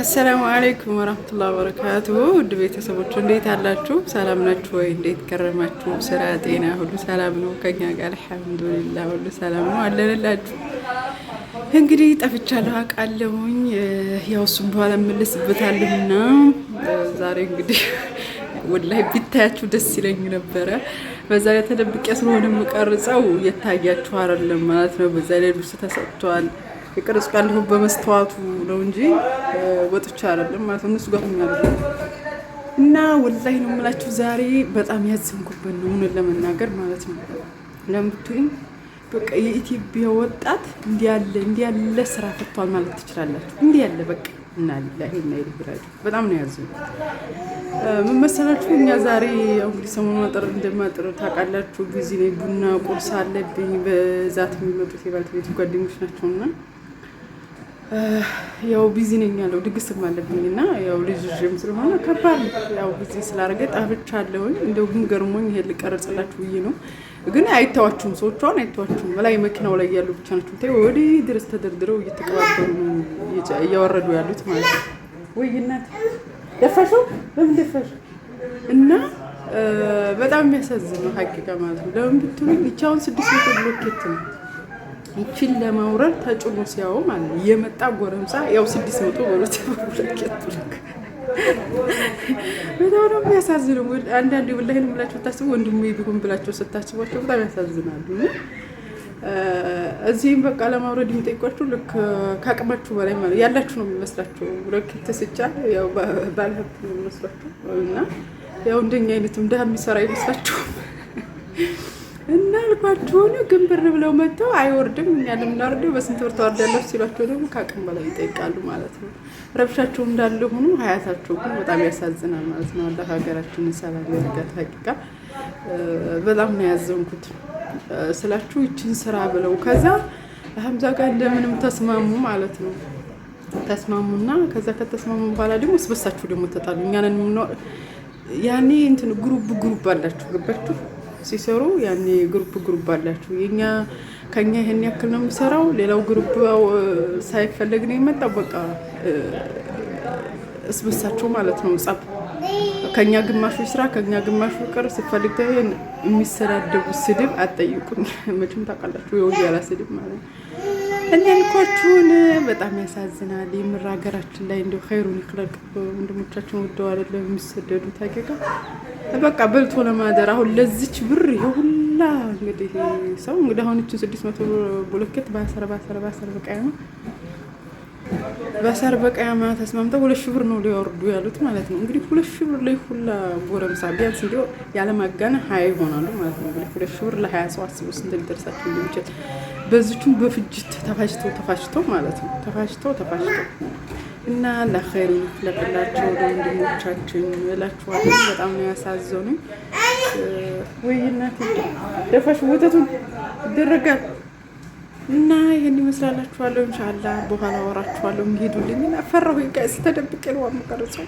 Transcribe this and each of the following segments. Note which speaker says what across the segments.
Speaker 1: አሰላሙ አሌይኩም ወረህመቱላህ ወበረካቱሁ ውድ ቤተሰቦች እንዴት አላችሁ? ሰላም ናችሁ ወይ? እንዴት ከረማችሁ? ስራ፣ ጤና ሁሉ ሰላም ነው? ከኛ ጋር አልሐምዱሊላህ ሁሉ ሰላም ነው አለንላችሁ። እንግዲህ ጠፍቻለሁ አውቃለሁኝ። ያው እሱም በኋላ እመለስበታለሁና ዛሬ እንግዲህ ወላሂ ቢታያችሁ ደስ ይለኝ ነበረ። በዛ ላይ ተደብቄ ስለሆነ የምቀርጸው የታያችሁ አይደለም ማለት ነው። በዛ ላይ ልብስ ተሰጥቷል የቀረጽኩ ያለሁት በመስተዋቱ ነው እንጂ ወጥቼ አይደለም ማለት ነው። እነሱ ጋር ሆኛለሁ እና ወላሂ ነው የምላችሁ ዛሬ በጣም ያዘንኩበት ነው እውነት ለመናገር ማለት ነው። ለምብቱኝ በቃ የኢትዮጵያ ወጣት እንዲያለ እንዲያለ ስራ ፈቷል ማለት ትችላላችሁ። እንዲያለ በቃ እና ሊላሂ እና ይልብራጅ በጣም ነው ያዘንኩት። ምን መሰላችሁ እኛ ዛሬ እንግዲህ ሰሞኑን አጠር እንደማጥር ታውቃላችሁ። ጊዜ ላይ ቡና ቁርስ አለብኝ። በዛት የሚመጡት የባለቤቱ ጓደኞች ናቸውና ያው ቢዚ ነኝ ያለው ድግስ አለብኝ እና ያው ልጅ ይዤም ስለሆነ ከባድ ያው ቢዚ ስላደረገ ጣፍቻ አለውን እንደው ግን ገርሞኝ ይሄ ልቀረጽላችሁ ብዬ ነው። ግን አይተዋችሁም፣ ሰዎቿን አይተዋችሁም። ላይ መኪናው ላይ ያሉ ብቻ ናቸው ታ ወዲህ ድረስ ተደርድረው እየተቀባበሉ እያወረዱ ያሉት ማለት ነው። ወይ እናት ደፈሽው ለምን ደፈሽ? እና በጣም የሚያሳዝን ነው ሀቂቃ ማለት ነው። ለምን ብትሉኝ ይቻውን ስድስት መቶ ብሎኬት ነው ይችን ለማውረድ ተጭኖ ሲያው ማለት ነው የመጣ ጎረምሳ ያው ስድስት መቶ በሎት በጣም ነው የሚያሳዝነው። አንዳንድ ብላይን ብላቸው ብታስቡ ወንድሙ ቢሆን ብላቸው ስታስቧቸው በጣም ያሳዝናሉ። እዚህም በቃ ለማውረድ የሚጠይቋቸው ልክ ከአቅማችሁ በላይ ማለት ያላችሁ ነው የሚመስላቸው። ረኬት ስቻ ባለሀብት ነው የሚመስላቸው እና ያው እንደኛ አይነትም ድሀ የሚሰራ አይመስላችሁም። እና አልኳቸው ሆነ ግንብር ብለው መጥተው አይወርድም፣ እኛ ለምናወርደው በስንት ብር ተወርዳለች ሲሏቸው ደግሞ ከአቅም በላይ ይጠይቃሉ ማለት ነው። ረብሻቸው እንዳለ ሆኖ ሀያታቸው ግን በጣም ያሳዝናል ማለት ነው። አላህ ሀገራችንን ሰላም ያርጋት። ሀቂቃ በጣም ነው ያዘንኩት ስላችሁ ይችን ስራ ብለው ከዛ ሀምዛ ጋር እንደምንም ተስማሙ ማለት ነው። ተስማሙና ከዛ ከተስማሙ በኋላ ደግሞ ስበሳችሁ ደግሞ ተጣሉ። እኛንን ያኔ እንትን ግሩብ ግሩብ አላችሁ ገባችሁ ሲሰሩ ያኔ ግሩፕ ግሩፕ አላችሁ። የኛ ከኛ ይህን ያክል ነው የሚሰራው፣ ሌላው ግሩፕ ሳይፈለግ ነው የመጣው። በቃ እስበሳቸው ማለት ነው ጸብ ከኛ ግማሹ ስራ ከኛ ግማሹ ቅር ሲፈልግ ተይን የሚሰዳደቡ ስድብ አትጠይቁን። መቼም ታውቃላችሁ የወያላ ስድብ ማለት ነው እናልኳችሁን በጣም ያሳዝናል። የምር ሀገራችን ላይ እንደው ኸይሩን ይክለቅ። ወንድሞቻችን ወደው አይደለ የሚሰደዱ ሀቂቃ በቃ በልቶ ለማደር አሁን ለዚች ብር ይሁላ እንግዲህ ሰው እንግዲህ አሁን እችን ስድስት መቶ ብሎኬት በአሰር በአሰር በአሰር በቃያማ በአሰር በቃያማ ተስማምተው ሁለት ሺህ ብር ነው ሊያወርዱ ያሉት ማለት ነው። እንግዲህ ሁለት ሺህ ብር ላይ ሁላ ጎረምሳ ቢያንስ እንዲ ያለማጋነ ሀያ ይሆናሉ ማለት ነው። እንግዲህ ሁለት ሺህ ብር ለሀያ ሰው አስበው ስንት ሊደርሳቸው እንደሚችል በዚቹም በፍጅት ተፋጅቶ ተፋጅቶ ማለት ነው። ተፋጅቶ ተፋጅቶ እና ለኸይር ለቀላቸው ለወንድሞቻችን እላችኋለሁ። በጣም ነው ያሳዘኑኝ። ወይናት ደፋሽ ወተቱን ይደረጋል እና ይህን ይመስላላችኋለሁ። እንሻላ በኋላ ወራችኋለሁ። እንሄዱልኝ ፈራሁ ቀስ ተደብቄ ነው የምቀርጸው።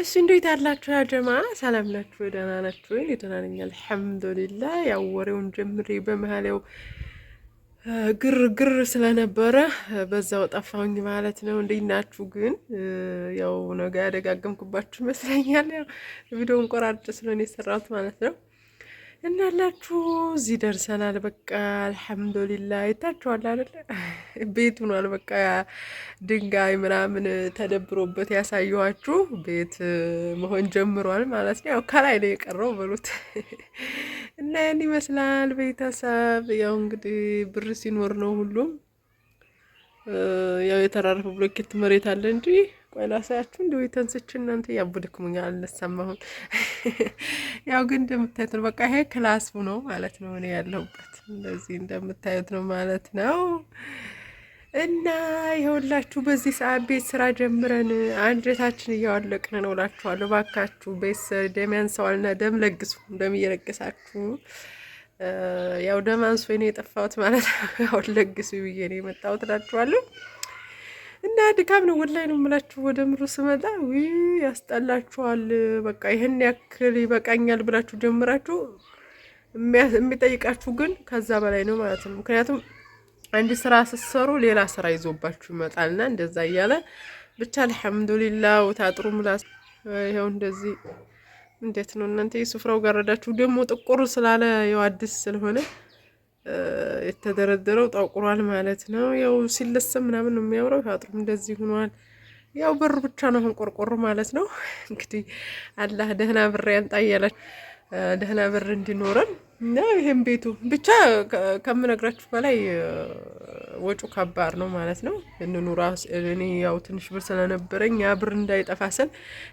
Speaker 1: እሺ እንዴት አላችሁ ያጀማ? ሰላም ናችሁ? ደህና ናችሁ? እኔ ደህና ነኝ፣ አልሐምዱሊላህ። ያው ወሬውን ጀምሬ በመሀል ያው ግር ስለነበረ በዛው ጠፋሁኝ ማለት ነው። እንዴት ናችሁ ግን? ያው ነገ ያደጋገምኩባችሁ ይመስለኛል። ቪዲዮውን ቆራርጬ ስለሆነ የሰራሁት ማለት ነው። እናላችሁ እዚህ ደርሰናል። በቃ አልሐምዱሊላ ይታችኋል አይደለ? ቤት ሆኗል። በቃ ድንጋይ ምናምን ተደብሮበት ያሳየኋችሁ ቤት መሆን ጀምሯል ማለት ነው። ያው ከላይ ነው የቀረው በሉት እና ያን ይመስላል ቤተሰብ። ያው እንግዲህ ብር ሲኖር ነው ሁሉም ያው የተራረፈ ብሎኬት መሬት አለ እንጂ ቆይ ላሳያችሁ። እንዲሁ የተንስች እናንተ ያቡድክሙኛ አልሰማሁም። ያው ግን እንደምታዩት ነው። በቃ ይሄ ክላስ ነው ማለት ነው። እኔ ያለሁበት እንደዚህ እንደምታዩት ነው ማለት ነው። እና ይኸውላችሁ በዚህ ሰዓት ቤት ስራ ጀምረን አንጀታችን እያዋለቅን ነው እላችኋለሁ። ባካችሁ ቤት ደም ያንሰዋልና ደም ለግሱ፣ ደም እየለግሳችሁ ያው ደም አንሶ ነው የጠፋሁት ማለት አሁን ለግሱ ብዬ ነው የመጣሁት እላችኋለሁ። እና ድካም ነው ወላሂ ነው የምላችሁ። ወደ ምሩ ስመጣ ውይ ያስጠላችኋል። በቃ ይህን ያክል ይበቃኛል ብላችሁ ጀምራችሁ የሚጠይቃችሁ ግን ከዛ በላይ ነው ማለት ነው። ምክንያቱም አንድ ስራ ስትሰሩ ሌላ ስራ ይዞባችሁ ይመጣልና እንደዛ እያለ ብቻ አልሐምዱሊላ ወታጥሩ ምላስ ይኸው እንደዚህ እንዴት ነው እናንተ የሱፍራው ጋረዳችሁ ደግሞ ጥቁር ስላለ ያው አዲስ ስለሆነ የተደረደረው ጠቁሯል ማለት ነው። ያው ሲለሰም ምናምን ነው የሚያምረው። አጥሩም እንደዚህ ሆኗል። ያው በሩ ብቻ ነው አሁን ቆርቆሮ ማለት ነው። እንግዲህ አላህ ደህና ብር ያንጣ እያለን ደህና ብር እንዲኖረን እና ይሄም ቤቱ ብቻ ከምነግራችሁ በላይ ወጩ ከባድ ነው ማለት ነው። እንኑራ እኔ ያው ትንሽ ብር ስለነበረኝ ያ ብር እንዳይጠፋ ስል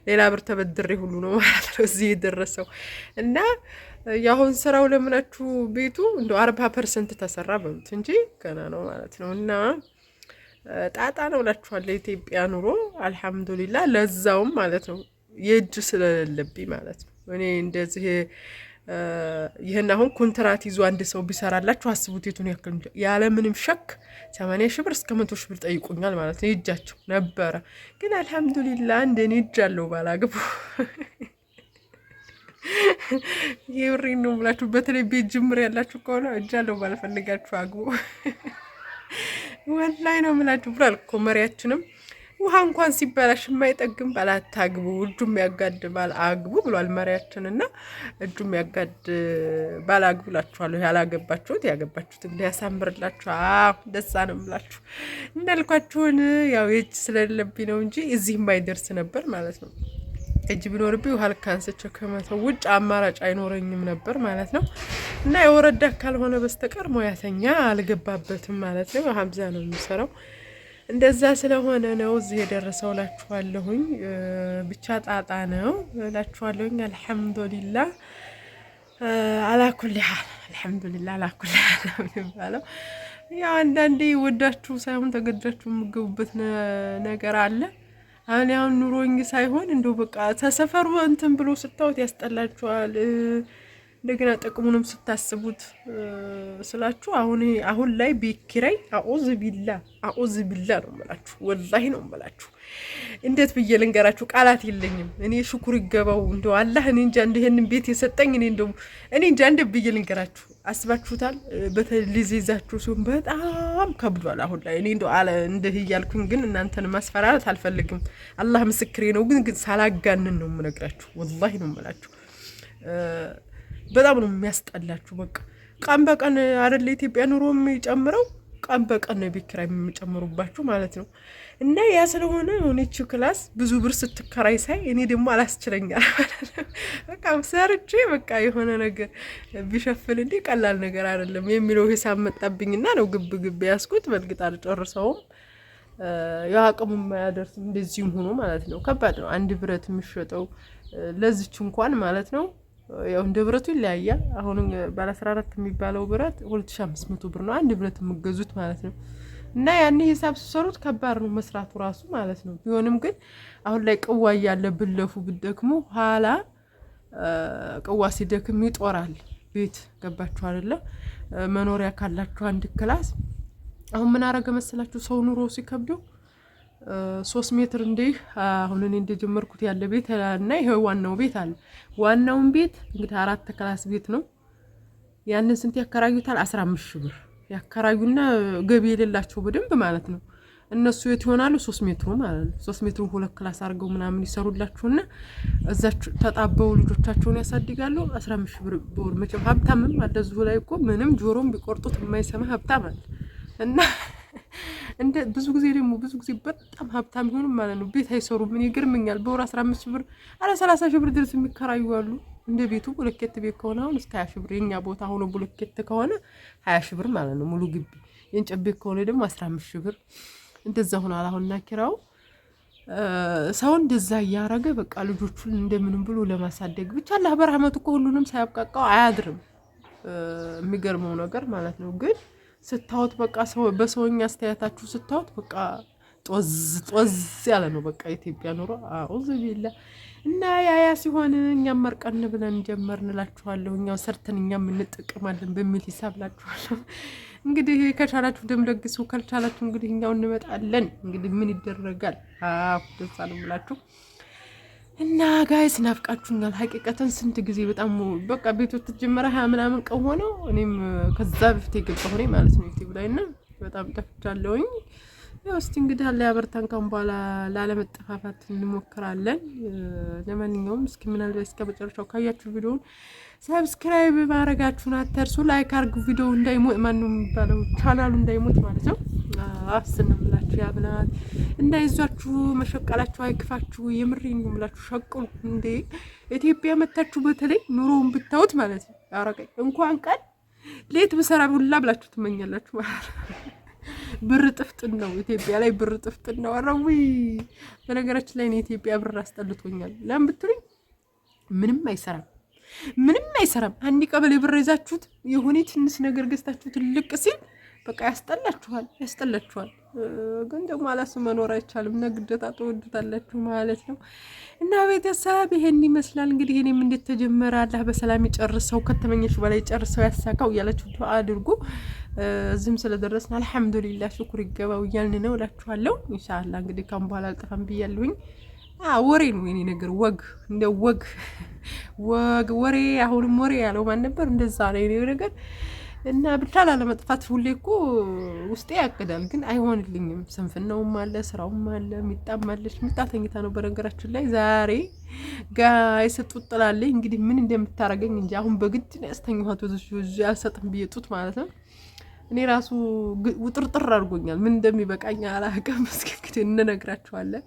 Speaker 1: ሌላ ብር ተበድሬ ሁሉ ነው ማለት ነው እዚህ የደረሰው እና የአሁን ስራው ለምናችሁ ቤቱ እንደ አርባ ፐርሰንት ተሰራ በሉት እንጂ ገና ነው ማለት ነው። እና ጣጣ ነው እላችኋለሁ የኢትዮጵያ ኑሮ አልሐምዱሊላ። ለዛውም ማለት ነው የእጅ ስለሌለብኝ ማለት ነው እኔ እንደዚህ ይህን አሁን ኮንትራት ይዞ አንድ ሰው ቢሰራላችሁ አስቡት የቱን ያክል ያለምንም ሸክ ሰማንያ ሺህ ብር እስከ መቶ ሺህ ብር ጠይቁኛል ማለት ነው። የእጃቸው ነበረ ግን አልሐምዱሊላ እንደኔ እጅ አለው ባላግቡ የብሬ ነው የምላችሁ። በተለይ ቤት ጅምር ያላችሁ ከሆነ አለው ባልፈልጋችሁ አግቡ። ወላይ ነው የምላችሁ ብሏል እኮ መሪያችንም ውሃ እንኳን ሲበላሽ የማይጠግም ባላታግቡ አታግቡ፣ እጁም ያጋድ ባል አግቡ ብሏል መሪያችን እና እጁም ያጋድ ባል አግቡ ላችኋለሁ። ያላገባችሁት ያገባችሁት እንዲያሳምርላችሁ ደሳ ነው ምላችሁ። እንዳልኳችሁን ያው የእጅ ስለሌለብኝ ነው እንጂ እዚህ የማይደርስ ነበር ማለት ነው። እጅ ቢኖርብኝ ውሃ ልክ አንስቼው ከመተው ውጭ አማራጭ አይኖረኝም ነበር ማለት ነው። እና የወረዳ ካልሆነ በስተቀር ሙያተኛ አልገባበትም ማለት ነው። ሀምዛ ነው የሚሰራው። እንደዛ ስለሆነ ነው እዚህ የደረሰው ላችኋለሁኝ። ብቻ ጣጣ ነው ላችኋለሁኝ። አልሐምዱሊላ አላኩል ያህል አልሐምዱሊላ አላኩል ያህል ነው የሚባለው። ያው አንዳንዴ ወዳችሁ ሳይሆን ተገዳችሁ የምገቡበት ነገር አለ አሁን ኑሮኝ ሳይሆን እንደው በቃ ተሰፈሩ እንትን ብሎ ስታወት ያስጠላችኋል። እንደገና ጥቅሙንም ስታስቡት ስላችሁ አሁን አሁን ላይ ቤት ኪራይ አኦዝ ቢላ አኦዝ ቢላ ነው ምላችሁ፣ ወላሂ ነው ምላችሁ። እንዴት ብዬ ልንገራችሁ? ቃላት የለኝም እኔ ሽኩር ይገባው እንደ አላህ እኔ እንጃ እንደ ይህንን ቤት የሰጠኝ እኔ እንደ እኔ እንጃ እንደ ብዬ ልንገራችሁ። አስባችሁታል? በተሊዜዛችሁ ሲሆን በጣም ከብዷል አሁን ላይ እኔ እንደ እንድህ እያልኩኝ ግን እናንተን ማስፈራራት አልፈልግም። አላህ ምስክሬ ነው። ግን ግን ሳላጋንን ነው ምነግራችሁ፣ ወላሂ ነው ምላችሁ በጣም ነው የሚያስጠላችሁ። በቃ ቀን በቀን አይደለ ኢትዮጵያ ኑሮ የሚጨምረው ቀን በቀን ነው የቤት ኪራይ የሚጨምሩባችሁ ማለት ነው። እና ያ ስለሆነ የሆነች ክላስ ብዙ ብር ስትከራይ ሳይ እኔ ደግሞ አላስችለኛል በቃ ሰርቼ በቃ የሆነ ነገር ቢሸፍል እንዲህ ቀላል ነገር አይደለም የሚለው ሂሳብ መጣብኝና ነው ግብ ግብ ያስኩት። በእርግጥ አልጨርሰውም፣ የአቅሙ የማያደርስ እንደዚህም ሆኖ ማለት ነው ከባድ ነው አንድ ብረት የሚሸጠው ለዚች እንኳን ማለት ነው ያው እንደ ብረቱ ይለያያል። አሁን ባለ 14 የሚባለው ብረት 2500 ብር ነው አንድ ብረት የምገዙት ማለት ነው። እና ያን ሂሳብ ሲሰሩት ከባድ ነው መስራቱ ራሱ ማለት ነው። ቢሆንም ግን አሁን ላይ ቅዋ እያለ ብለፉ ብደክሙ ኋላ ቅዋ ሲደክም ይጦራል። ቤት ገባችሁ አይደለ? መኖሪያ ካላችሁ አንድ ክላስ አሁን ምን አረገ መሰላችሁ ሰው ኑሮ ሲከብደው ሶስት ሜትር እንዲህ አሁን እኔ እንደጀመርኩት ያለ ቤት እና ይሄ ዋናው ቤት አለ። ዋናውን ቤት እንግዲህ አራት ክላስ ቤት ነው። ያንን ስንት ያከራዩታል? አስራ አምስት ሺህ ብር ያከራዩና ገቢ የሌላቸው በደንብ ማለት ነው እነሱ የት ይሆናሉ? ሶስት ሜትሩ ማለት ነው። ሶስት ሜትሩ ሁለት ክላስ አድርገው ምናምን ይሰሩላችሁና እዛችሁ ተጣበው ልጆቻቸውን ያሳድጋሉ። አስራ አምስት ሺህ ብር በወር መቼም ሀብታምም አለ እዚሁ ላይ እኮ ምንም ጆሮም ቢቆርጡት የማይሰማ ሀብታም አለ እና እንደ ብዙ ጊዜ ደግሞ ብዙ ጊዜ በጣም ሀብታም ሆኑ ማለት ነው ቤት አይሰሩም። ምን ይገርመኛል በወር አስራ አምስት ሺህ ብር አረ ሰላሳ ሺህ ብር ድረስ የሚከራዩ አሉ። እንደ ቤቱ ብሎኬት ቤት ከሆነ አሁን እስከ ሀያ ሺህ ብር የኛ ቦታ ሆኖ ብሎኬት ከሆነ ሀያ ሺህ ብር ማለት ነው ሙሉ ግቢ። የእንጨት ቤት ከሆነ ደግሞ አስራ አምስት ሺህ ብር እንደዛ ሆኗል። አሁንና ኪራው ሰው እንደዛ እያረገ በቃ ልጆቹን እንደምንም ብሎ ለማሳደግ ብቻ አላህ በረህመቱ እኮ ሁሉንም ሳያብቃቃው አያድርም። የሚገርመው ነገር ማለት ነው ግን ስታወት በቃ በሰውኛ አስተያየታችሁ ስታወት በቃ ጦዝ ጦዝ ያለ ነው። በቃ ኢትዮጵያ ኑሮ አውዝ ቢላ እና ያያ ሲሆን እኛም መርቀን ብለን ጀመርን እላችኋለሁ። እኛው ሰርተን እኛም እንጠቀማለን በሚል ሂሳብ እላችኋለሁ። እንግዲህ ከቻላችሁ ደም ደግሱ፣ ካልቻላችሁ እንግዲህ እኛው እንመጣለን። እንግዲህ ምን ይደረጋል? አዎ ደስ አልምላችሁ። እና ጋይስ ናፍቃችሁኛል። ሀቂቀተን ስንት ጊዜ በጣም በቃ ቤቶች ተጀመረ ሀያ ምናምን ቀን ሆነው እኔም ከዛ በፊት የገባ ሆኔ ማለት ነው ዩቲብ ላይ እና በጣም ጠፍቻለሁኝ። ያው እስቲ እንግዲህ አለ ያበርታን። ካሁን በኋላ ላለመጠፋፋት እንሞክራለን። ለማንኛውም እስኪ ምናልባት እስከ መጨረሻው ካያችሁ ቪዲዮውን ሰብስክራይብ ማድረጋችሁን አትርሱ። ላይክ አርግ ቪዲዮ እንዳይሞት ማነው የሚባለው ቻናሉ እንዳይሞት ማለት ነው። አስነምላችሁ ያብናት እንዳይዟችሁ፣ መሸቀላችሁ አይክፋችሁ። የምሬን ነው የምላችሁ። ሸቅሉ እንዴ ኢትዮጵያ መታችሁ፣ በተለይ ኑሮውን ብታዩት ማለት ነው። አረቀኝ እንኳን ቀን ሌት ብሰራ ሁላ ብላችሁ ትመኛላችሁ ማለት ነው። ብር ጥፍጥን ነው ኢትዮጵያ ላይ ብር ጥፍጥን ነው። አረዊ በነገራችን ላይ ኢትዮጵያ ብር አስጠልቶኛል። ለምን ብትሉኝ ምንም አይሰራም፣ ምንም አይሰራም። አንድ ቀበሌ ብር ይዛችሁት የሆነ ትንሽ ነገር ገዝታችሁ ትልቅ ሲል በቃ ያስጠላችኋል፣ ያስጠላችኋል። ግን ደግሞ አላስ መኖር አይቻልም። ግደታ ትወዱታላችሁ ማለት ነው። እና ቤተሰብ ይሄን ይመስላል እንግዲህ። እኔም እንዴት ተጀመረ አላህ በሰላም ይጨርሰው ከተመኘች በላይ ጨርሰው ያሳካው እያላችሁ አድርጉ። እዚህም ስለደረስን አልሐምዱሊላ ሽኩር ይገባው እያልን ነው እላችኋለሁ። ኢንሻላ እንግዲህ ካሁን በኋላ አልጠፋም ብያለሁኝ። ወሬ ነው የኔ ነገር፣ ወግ እንደ ወግ ወግ ወሬ፣ አሁንም ወሬ ያለው ማን ነበር? እንደዛ ነው የኔ ነገር እና ብቻ ላለመጥፋት ሁሌ እኮ ውስጤ ያቅዳል፣ ግን አይሆንልኝም። ስንፍናውም አለ፣ ስራውም አለ። ሚጣም አለች። ሚጣ ተኝታ ነው በነገራችን ላይ ዛሬ ጋይ የሰጡት ጥላለኝ። እንግዲህ ምን እንደምታረገኝ እንጂ አሁን በግድ ነው ያስተኛኋት። ያልሰጥም ብዬ ጡት ማለት ነው እኔ ራሱ ውጥርጥር አድርጎኛል። ምን እንደሚበቃኝ አላውቅም። እስኪ እንግዲህ እንነግራችኋለን።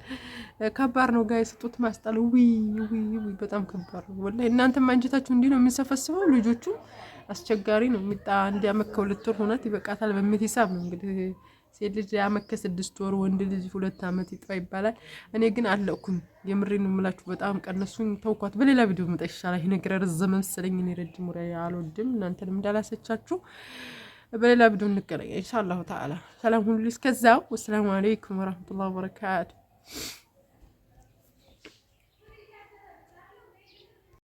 Speaker 1: ከባድ ነው ጋይ ስጡት ማስጣል ውይ ውይ ውይ፣ በጣም ከባድ ነው ወላሂ። እናንተ ማንጀታችሁ እንዲህ ነው የሚሰፈስበው። ልጆቹ አስቸጋሪ ነው። ሚጣ አንድ አመት ከሁለት ወር ሆናት ይበቃታል። በምት ሂሳብ ነው እንግዲህ ሴት ልጅ አመት ከስድስት ወር ወንድ ልጅ ሁለት አመት ይጥባ ይባላል። እኔ ግን አለኩኝ። የምሬ ነው የምላችሁ። በጣም ቀነሱኝ፣ ተውኳት። በሌላ ቪዲዮ መጣ ይሻላል። ይሄ ነገር ረዘመ መሰለኝ። እኔ ረጅም ወሬ አልወድም። እናንተንም እንዳላሰቻችሁ በሌላ ቪዲዮ እንገናኝ ኢንሻአላሁ ተዓላ። ሰላም ሁሉ እስከዛው። ወሰላሙ አለይኩም ወራህመቱላሂ ወበረካቱ።